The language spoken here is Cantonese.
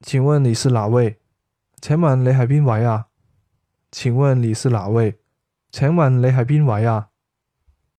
請問你是哪位？請問你係邊位啊？請問你是哪位？請問你係邊位啊？